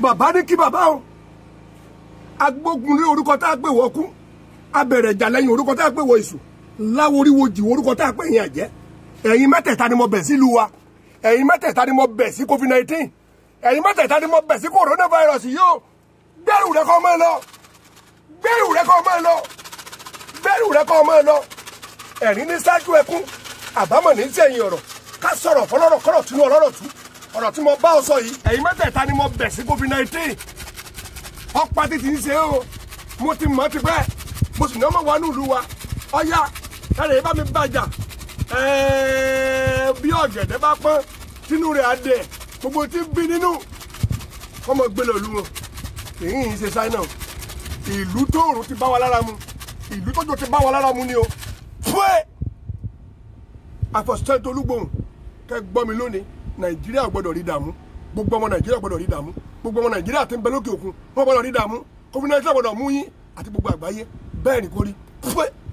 bàbá ní kí bàbá o agbógun lé orúkọ tá a pè wọ́n kú abẹ̀rẹ̀ ìjà lẹ́yìn orúkọ tá a pè wọ́n èṣù láworíwo orúkọ tá a pè yẹn àjẹ́ ẹ̀yin mẹ́tẹ̀ẹ̀ta ni mo bẹ̀ sílùú wa ẹ̀yin mẹ́tẹ̀ẹ̀ta ni mo bẹ̀ sí covid nineteen ẹ̀yin mẹ́tẹ̀ẹ̀ta ni mo bẹ̀ sí coronavirus yìí o gbẹ́rù rẹ kọ́ máa lọ gbẹ́rù rẹ kọ́ máa lọ gbẹ́rù rẹ kọ́ máa lọ ẹ̀rín ní ṣáájú ẹkún àbámọ̀ ní sẹ́yìn ọ̀rọ̀ ká sọ̀rọ̀ fọlọ́rọ̀ kọ́rọ̀ tú ọlọ́rọ̀ tú ọ̀rọ̀ tí mo bá ọ sọ yìí ẹ̀yin mẹ́tẹ̀ẹ̀ta ni mo bẹ̀ sí covid nineteen ọ̀pá títí ń ṣe o mo ti mọ̀ ti pẹ́ mo sì ní ọmọ wa nílùú wa ọ̀yá ẹ̀rẹ̀ bá mi bàjà bí ọ̀gẹ̀dẹ̀ bá pọ́n tínú rẹ̀ adẹ̀ gbogbo tí ń bí nínú ọmọ gbélé òlu wọn èyí ń ṣe ṣáínà ìlú tóòrùn ti bá wa lára mu ìlú tójó ti bá wa lára mu ni o fúẹ́ àfọ̀sítẹ́ntì olúgbòhùn gbọ́ mi lónìí nàìjíríà gbọ́dọ̀ rí dààmú gbogbo ọmọ nàìjíríà gbọ́dọ̀ rí dààmú gbogbo ọmọ nàìjíríà ti ń bẹ lókè òkun wọ́n gbọ́dọ̀ rí dààmú covid-19 gbọ́dọ̀ mú yín àti gbogbo àgbáyé bẹ́ẹ̀ ni kò rí pé